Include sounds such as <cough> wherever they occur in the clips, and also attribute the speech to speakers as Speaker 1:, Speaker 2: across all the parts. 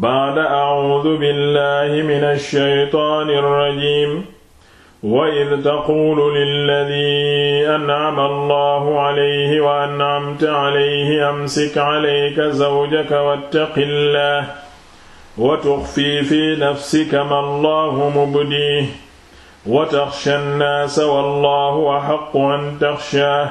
Speaker 1: baada acuudu billahi min alshaytaani alrajim wa id taquulu lilladi ancama allahu calayhi wa ancamta calayhi amsik calayka zawjaka wattaqi llah wa tuxfi fi nafsika ma allahu mubdiih wa taxsha annaasa wallahu axaqu an taxshaah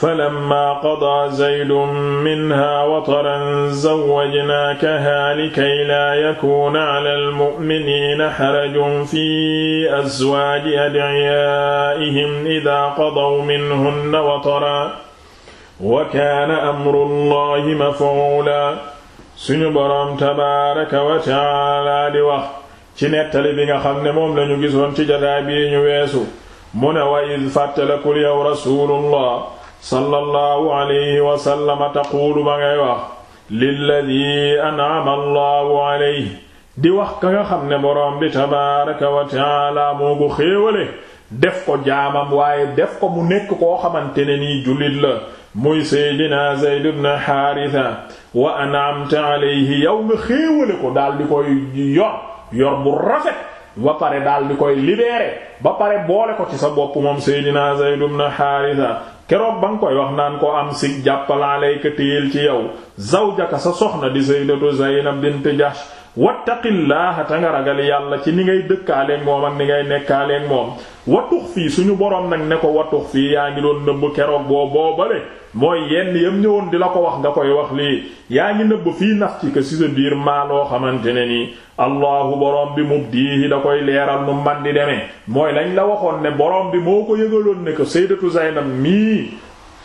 Speaker 1: falammaa qadaa zaydun minhaa wataran zawwajnaakahaa likay laa yakuuna alal mu'miniina harajun fii azwaaji adciyaa'ihim idaa qadaw minhunna wataran wa kaana amrullaahi mafcuulaa suñu boroom tabaaraka wa tacaala di wax ci nettali bi nga xam ne moom lañu gisoon ci jataay bi ñu weesu mu ne wa id fàttalakul yow rasuulullah sallallahu alayhi wa sallama taquulu ngay wax lilladi an'ama allahu alayhi di wax ka nga xam ne boroom bi tabaaraka wa taala moo ko def ko jaamam waaye def ko mu nekk koo xamante ne nii jullit la muy seydina Zayd ibn Haarisa wa an'amta alayhi yow nga ko daal di koy yor yor bu rafet ba pare daal koy libéré ba pare boole ko ci sa bopp moom seydina Zayd ibn Haarisa keroog ban koy wax naan ko am sig jàppalaalayka téyel ci yow zawjaka sa soxna di sayyidatu Zaynab bint Jahsh wattaqillaaha ta nga ragal yàlla ci ni ngay dëkkaaleeg moom ak ni ngay nekkaaleeg moom wa fii suñu boroom nag ne ko wa fii yaa ngi doon nëbb keroog boo boobale mooy yenn yam ñëwoon di la ko wax nga koy wax lii yaa ngi nëbb fii naf ci que si sa biir maaloo xamante ne nii allahu boroom bi mubdiihi da koy leeral nu man demee mooy lañ la waxoon ne boroom bi moo ko yëgaloon ne ko sayyidatu Zaynab mii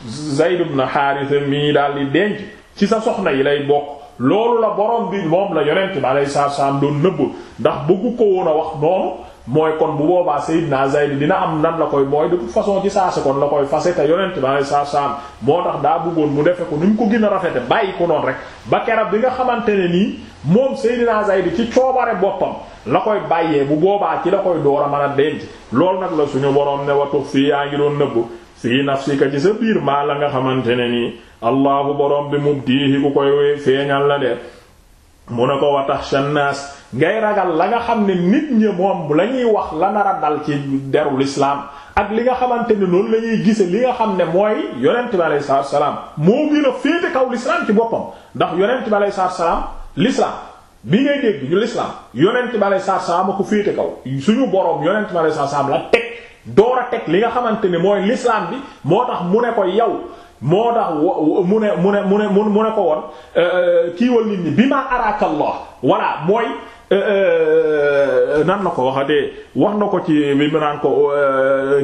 Speaker 1: Zayd ibn Haarisa mii daal di denc ci sa soxna yi lay bokk loolu la borom bi moom la yonent bi alayhi salaatu salaam doon nëbb ndax bëggu ko woon a wax noonu mooy kon bu boobaa naa Zayd dina am nan la koy mooy de toute façon ci saa si kon la koy fase te yonent bi alayhi salaatu salaam moo tax daa bëggoon mu defe ko ni mu ko gën a rafete bàyyi ko noonu rek ba kerab bi nga xamante ne nii moom Seydina Zayd ci coobare boppam la koy bàyyee bu boobaa ci la koy door a mën a denc loolu nag la suñu borom ne fii yaa ngi doon nëbb fii nafsika ci sa biir maa la nga xamante ne nii allahu borom bi mubdiihi ku koy feeñal la de mu ne ko watax shannaas ngay ragal la nga xam ne nit ñi moom la ñuy wax la nar a dal ci deru lislaam ak li nga xamante ne noonu lañuy ñuy gise li nga xam ne mooy yonent bi alayhi salaatu salaam moo gën a féete kaw lislaam ci boppam ndax yonent bi alayhi salaatu salaam lislaam bi ngay dégg ñu lislaam yonent bi alayhi salaatu salaam a ko féete kaw suñu boroom yonent door a teg li nga xamante ne mooy l'islam bi moo tax mu ne ko yow moo tax mu ne mu ne mu ne mu ne ko woon euh, euh, kiiwal nit ñi bi ma araka Allah mooy euh, nan na ko wax waxatee wax na ko ci bi mu naan ko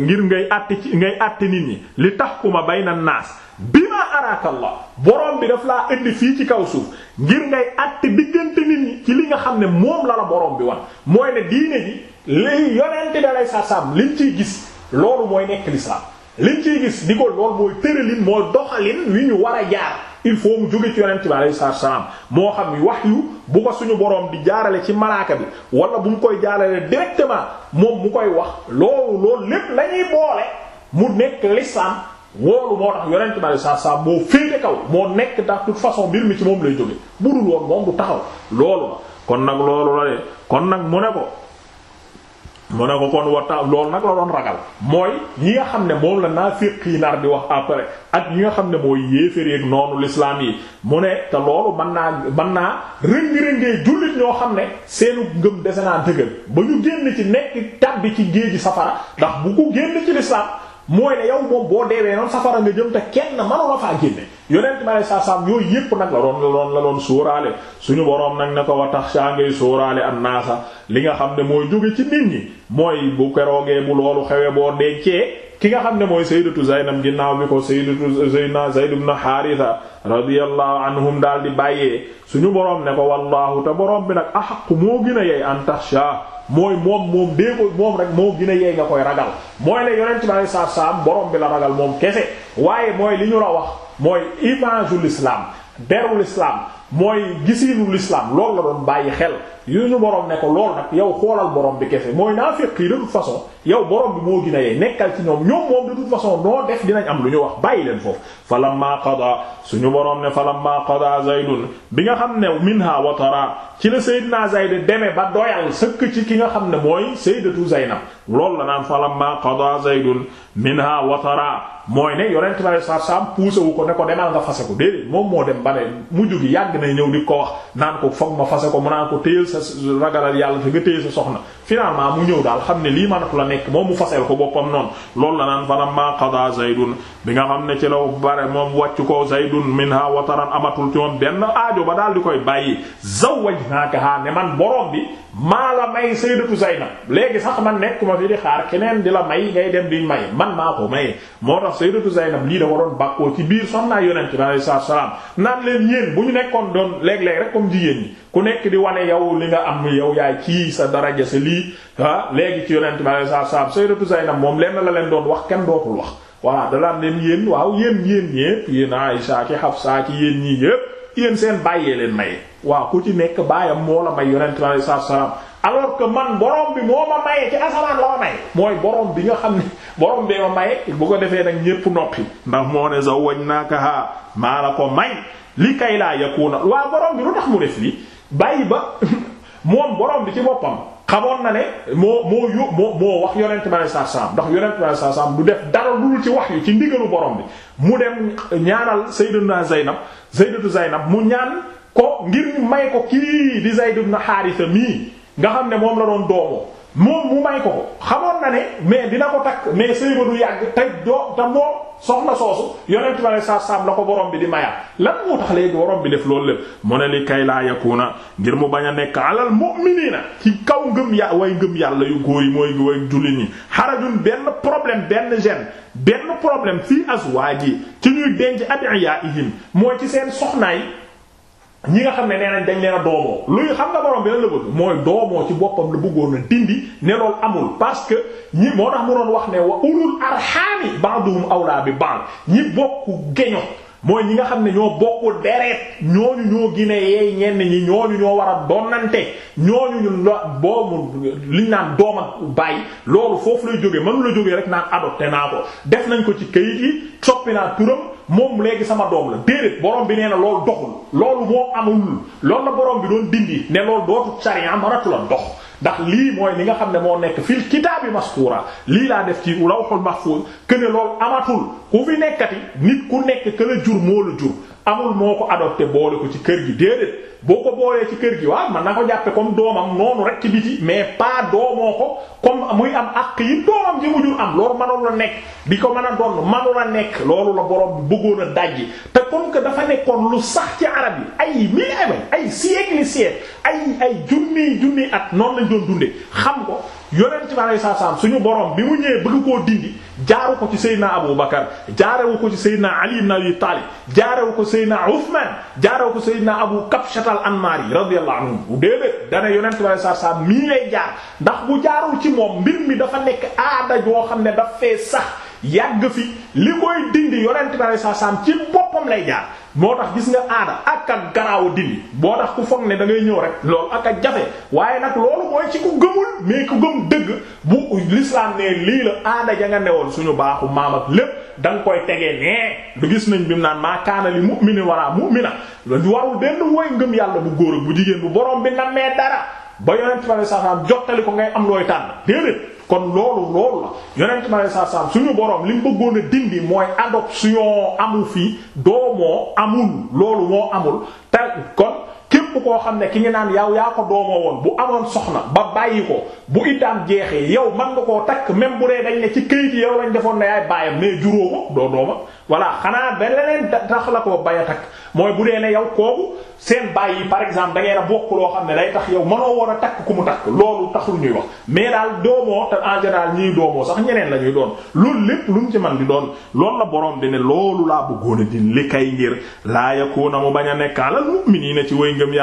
Speaker 1: ngir ngay àtte ci ngay àtte nit ñi li tahkuma bayna naas bi ma araka Allah borom bi daf laa indi fii ci kaw suuf ngir ngay àtte diggante nit ñi ci li nga xam ne moom la la borom bi wax mooy ne diine ji li yonente da lay sasam liñ ciy gis loolu mooy nekk lislaam liñ ciy gis di ko loolu mooy tëralin mooy doxalin wi ñu war a jaar il faut mu jóge ci yonente bi alayhi salaam moo xam wax yu bu ko suñu boroom di jaarale ci malaaka bi wala bu mu koy jaarale directement moom mu koy wax loolu loolu lépp la ñuy boole mu nekk lislaam woolu moo tax yonente bi alayhi salaam moo féete kaw moo nekk ndax toute façon mbir mi ci moom lay jóge budul woon moom taxaw loolu kon nag loolu kon nag mu ne ko mu ne ko kon wata loolu nag la doon ragal mooy ñi nga xam ne moom la naa naafiq yi nar di wax après at ñi nga xam ne mooy yéeféreeg noonu l'islam yi mu ne te loolu ban naa ban naa rëngi-rëngee jullit ñoo xam ne seenu ngëm dese naa dëgër ba ñu génn ci nekk tabbi ci géeji safara ndax bu ko génn ci l'islam mooy ne yow moom boo deewee noonu safara nga jëm te kenn mënu la faa génne yonent ma ne saa saam yooyu yépp nag la doon la doon la doon sóoraale suñu boroom nag ne ko wa tax saa ngay sóoraale an li nga xam ne mooy jóge ci nit ñi mooy bu keroogee bu loolu xewee boo dencee ki nga xam ne mooy sayyidatu Zaynab ginnaaw bi ko sayyidatu Zayna Zayd ibn Haritha radiyallahu anhum daal di bàyyee suñu boroom ne ko wallaahu te boroom bi nag ahaq moo gën a yey an taxsha mooy moom moom dee ko moom rek moo gën a nga koy ragal mooy ne yonent bi sallallahu alayhi wasallam waaye mooy li mooy image l'islam deru lislaam mooy gisiinu l'islam loolu la doon bàyyi xel yu ñu borom ne ko loolu nag yow xoolal borom bi kefe mooy naafiq yi de façon yow borom bi moo gën a yee nekkal ci ñoom ñoom moom de façon noo def dinañ am lu ñu wax bàyyi leen foofu falamma qada suñu borom ne falamma qada zaydun bi nga xam ne minha watara ci la sayyidina zayd demee ba doyal sëkk ci ki nga xam ne mooy sayyidatu zaynab loolu la naan falamma qada zaydun minha watara mooy ne yonent bale sa sam poussé wu ko ne ko demal nga fase ko déedéet moom moo dem ba ne mujj gi yàgg na ñëw di ko wax naan ko foog ma fase ko mu a ko téyel sa ragalal yàlla te nga téyel sa soxna finalement mu ñëw daal xam ne lii manatu la nekk moom mu fasel ko boppam noonu loolu la naan falamma qada zaydun bi nga xam ne ci la bare moom wàcc ko zaydun minha wataran amatul ci moom benn aajo ba daal di koy bàyyi zawwajnakaha ne man sax man nekk ma fi di xaar keneen di la may ngay dem di may man maa ko maye moo tax sayyidatu zaynab lii da waroon bàkkoo ci biir soxna yonent bi alayhi salaam naan leen yéen bu ñu nekkoon doon léeg-léeg rek comme jigéen ñi ku nekk di wane yow li nga am yow yaay kii Ah, léegi ci yonent bi sa salaatu salaam Sayyidatu Zaynab moom lenn la leen doon wax kenn dootul wax voilà dalaan leen yéen waaw yéen yéen ñépp yéen Aysa ki saa ki yéen ñii yépp yéen seen bàyyee leen maye waaw ku ci nekk baayam moo la may yonent bi alayhi salaatu salaam alors que man borom bi moo ma maye ci asamaan la maye mooy borom bi nga xam ne borom bee ma maye bu ko defee nag ñépp noppi ndax moo ne zawwajnaakahaa maa la ko may li kay laa yakuna waaw borom bi lu ba <laughs> moom ci boppam xamoon na ne moo moo yó moo moo wax yonent bi alayhi salaam ndax yonent bi alayhi salaam du def dara lu ci wax yu ci ndigalu borom bi mu dem ñaanal Sayyiduna Zaynab Sayyidatu Zaynab mu ñaan ko ngir may ko kii di Zayd ibn Haarisa mii nga xam ne moom la doon doomoo moom mu may ko ko xamoon na ne mais dina ko takk mais sëy ba du yàgg tey doo te moom soxna soosu yonent ma ne saaf saaf la ko borom bi di mayaat lan moo tax léegi borom bi def loolu lépp mu ne li kay laa yakuna ngir mu bañ a nekk alal mu'minina ci kaw ngëm ya way ngëm yàlla yu góor yi mooy way jullit ñi xarajun benn problème benn gêne benn problème fii azwaaji ci ñuy denc adiyaihim mooy ci seen yi ñi nga xam ne nee nañ dañ leen a doomoo luy xam nga borom bi lan la bëgg mooy doomoo ci boppam la bëggoon a dindi ne amul parce que ñi moo tax mu doon wax ne wa ulul arhami ba'duhum awla bi baax ñi bokku geño mooy ñi nga xam ne ñoo bokkul deret ñooñu ñoo gine yeey ñenn ñi ñooñu ñoo war a donnante ñooñu ñu la boomu liñ naan doom ak bàyyi loolu foofu lay jógee mënu la jógee rek naan adopté naa ko def nañ ko ci kayit yi soppi naa turam moom léegi sama doom la déedéet borom bi nee na loolu doxul loolu moo amul loolu la borom bi doon dindi ne loolu dootu sariya maratu la dox ndax lii mooy li nga xam ne moo nekk fil kitaabi maskuura lii laa def ci lawhul mahfuz que ne loolu amatul ku fi nekkati nit ku nekk que la jur moo la jur. amul moo ko adopté boole ko ci kër gi déedéet boo ko boolee ci kër gi waaw man na ko jàppe comme doomam noonu rek ci mais pas doomoo ko comme muy am àq yi doomam ji mu jur am loolu manoon la nekk bi ko mën a doon manu la nekk loolu la borom bi bëggoon a dajji te comme que dafa nekkoon lu sax ci arab yi ay mi ay ay siècle siècle ay ay junniy junniy at noonu lañ doon dunde xam ko yonent bi alayhi salaam suñu borom bi mu ñëwee bëgg koo dindi jaaru ko ci Seydina Abu Bakar jaarewu ko ci Seydina Ali ibn Abi Talib jaarewu ko Seydina Uthman jaarewu ko Seydina Abu Kabshat al-Anmari radiyallahu anhu bu déedéet dana yonent bi alayhi salaam mii lay jaar ndax mu jaarul ci moom mbir mi dafa nekk aada joo xam ne daf fee sax yàgg fi li koy dindi yonent bi alayhi salaam ci boppam lay jaar. moo tax gis nga aada ak ak garaaw dindi boo tax ku foog ne da ngay ñëw rek loolu ak ak jafe waaye nag loolu mooy ci ku gëmul mais ku gëm dëgg bu l'islam ne lii la aada ja nga newoon suñu baaxu maam ak lépp danga koy tegee nee du gis nañ bi mu naan maa kaana li mu'minin wala mu'mina warul benn woy ngëm yàlla bu góor bu jigéen bu borom bi namee dara ba yonent bi sallallahu jottali ko ngay am looy tànn déedéet kon loolu loolu la yonent ma saa saam suñu borom li mu bëggoon a dindi mooy adoption amu fi doomoo amul loolu moo amul te kon koo xam ne ki ngi naan yow yaa ko doomoo woon bu amoon soxna ba bàyyi ko bu iddaam jeexee yow man nga koo takk même bu dee dañ ne ci këyit yow lañ defoon ne yaay baayam mais juróo ko doo dooma voilà xanaa benn leneen tax la koo baya takk mooy bu dee ne yow kooku seen bàyyi par exemple da ngeen bokk loo xam ne day tax yow mënoo war a takk ku mu takk loolu taxul ñuy wax mais daal doomoo te en général ñiy doomoo sax ñeneen la ñuy doon loolu lépp lu mu ci doon loolu la borom di ne loolu laa bëggoon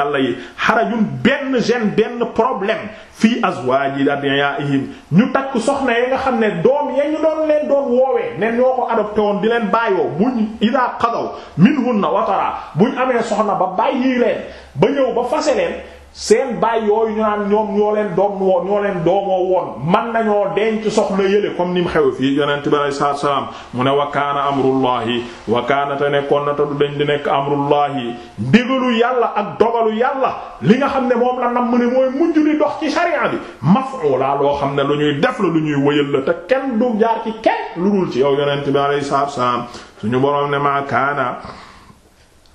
Speaker 1: a yàlla yi xarajun benn gêne benn problème fii azwaaji adiyaihim ñu takk soxna yi nga xam ne doom ya ñu doon leen doon woowee ne ñoo ko adopté woon di leen bàyyoo buñ idaa qadaw minhunna watara buñ amee soxna ba bàyyi leen ba ñëw ba fase leen seen baay yooyu ñu naan ñoom ñoo leen doom woo ñoo leen doomoo woon man nañoo denc soxla yële comme ni mu xew fii yonent bi alei salaam mu ne wakaana kaana amrullahi wa kaana te nekkoon na te du dañ di nekk amrullahi ndigalu yàlla ak dogalu yàlla li nga xam ne moom la nam mu ne mooy mujj li dox ci sharia bi maf'ula loo xam ne lu ñuy def la lu ñuy wëyal la te kenn du jaar ci kenn lu dul ci yow yonent bi alei salaatu salaam suñu boroom ne maa kaana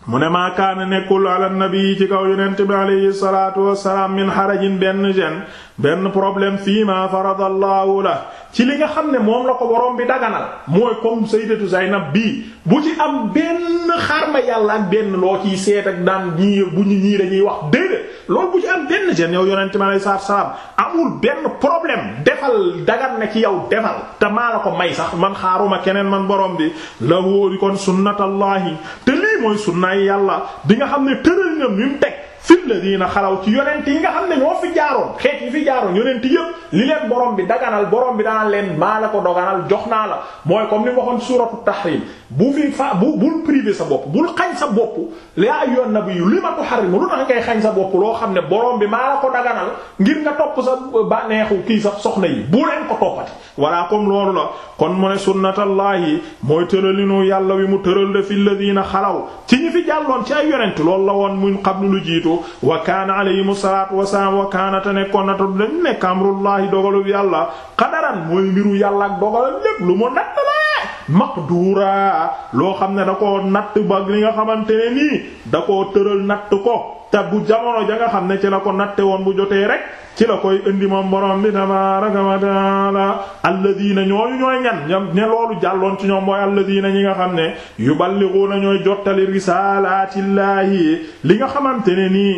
Speaker 1: mu ne maa kaana nekkul ala nabi ci kaw yonent bi alayhi salaatu wassalaam min xarajin benn gene benn problème fii ma farada allahu la ci li nga xam ne moom la ko borom bi daganal mooy comme say Zaynab bii bu ci am benn xarma yàlla ak benn loo ciy seet ak daan ñii bu ñu ñii dañuy wax déedéet loolu bu ci am benn gene yow yonent bi alayhi salaatu wassalaam amul benn problème defal dagan na ci yow defal te maa la ko may sax man xaaruma keneen man borom bi la mooy sunnaay yàlla di nga xam ne tëral ñam ni mu teg fil ladina xalaw ci yonent yi nga xam ne ñoo fi jaaroon xeet yi fi jaaroon yonent yëpp li leen borom bi daganal borom bi daan leen maa la ko doganal jox naa la mooy comme ni waxoon suuratu tahrim bu fi fa bu bul privé sa bopp bul xañ sa bopp yaa ayyuhan nabiyyu lima tuharrimu lu tax ngay xañ sa bopp loo xam ne borom bi maa la ko daganal ngir nga topp sa bànneexu kii sax soxna yi bu leen ko toppati walla comme loolu la kon mu ne sunnatallahi mooy tëralinu yàlla wi mu tëral de fi ladina xalaw ci ñi fi jàlloon ci ay yonent loolu la woon muñ xablu lu jiitu wa kaana alayhimu wa kaana te nekkoon na te dañ nekk amrullahi dogalu yàlla qadaran mooy mbiru yàlla ak dogalam lépp lu mu natt la maqduura loo xam ne da koo natt ba li nga xamante ne nii da koo tëral natt ko te bu jamono ja nga xam ne ci la ko natte woon bu jotee rek ci la koy indi moom borom bi tabaaraka wa taala alladina ñooyu ñooy ñan ñam ne loolu jàlloon ci ñoom mooy alladina ñi nga xam ne yuballighuuna ñooy jottali risaalaatillaahi li nga xamante ne nii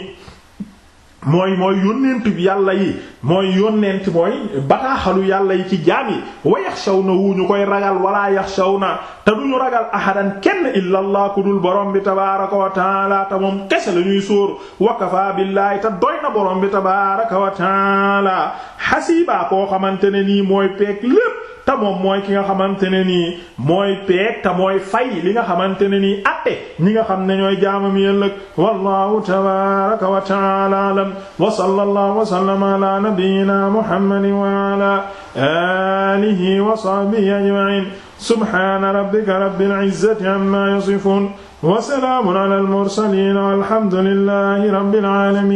Speaker 1: mooy mooy yónneent bi yàlla yi mooy yónneent mooy bataaxalu yàlla yi ci jaam yi wa yaxshawna wu ñu koy ragal wala yaxshawna te duñu ragal ahadan kenn illa allah ku dul borom bi tabaaraka wa taala moom kese la ñuy sóor wa kafaa billaahi te doy na tabaaraka wa taala xasiibaa xamante ne nii mooy peeg lépp te moom mooy ki nga xamante ne nii mooy peeg te mooy fay li nga xamante ne nii atte ñi nga xam ne ñooy jaamam yëllëg wallahu tabaraka wa taala alam wa sallallahu wa sallama ala nabiyyina muhammadin wa ala alihi wa sahbihi ajma'in subhana rabbika rabbil izzati amma yasifun wa salamun ala al mursalin walhamdulillahi rabbil alamin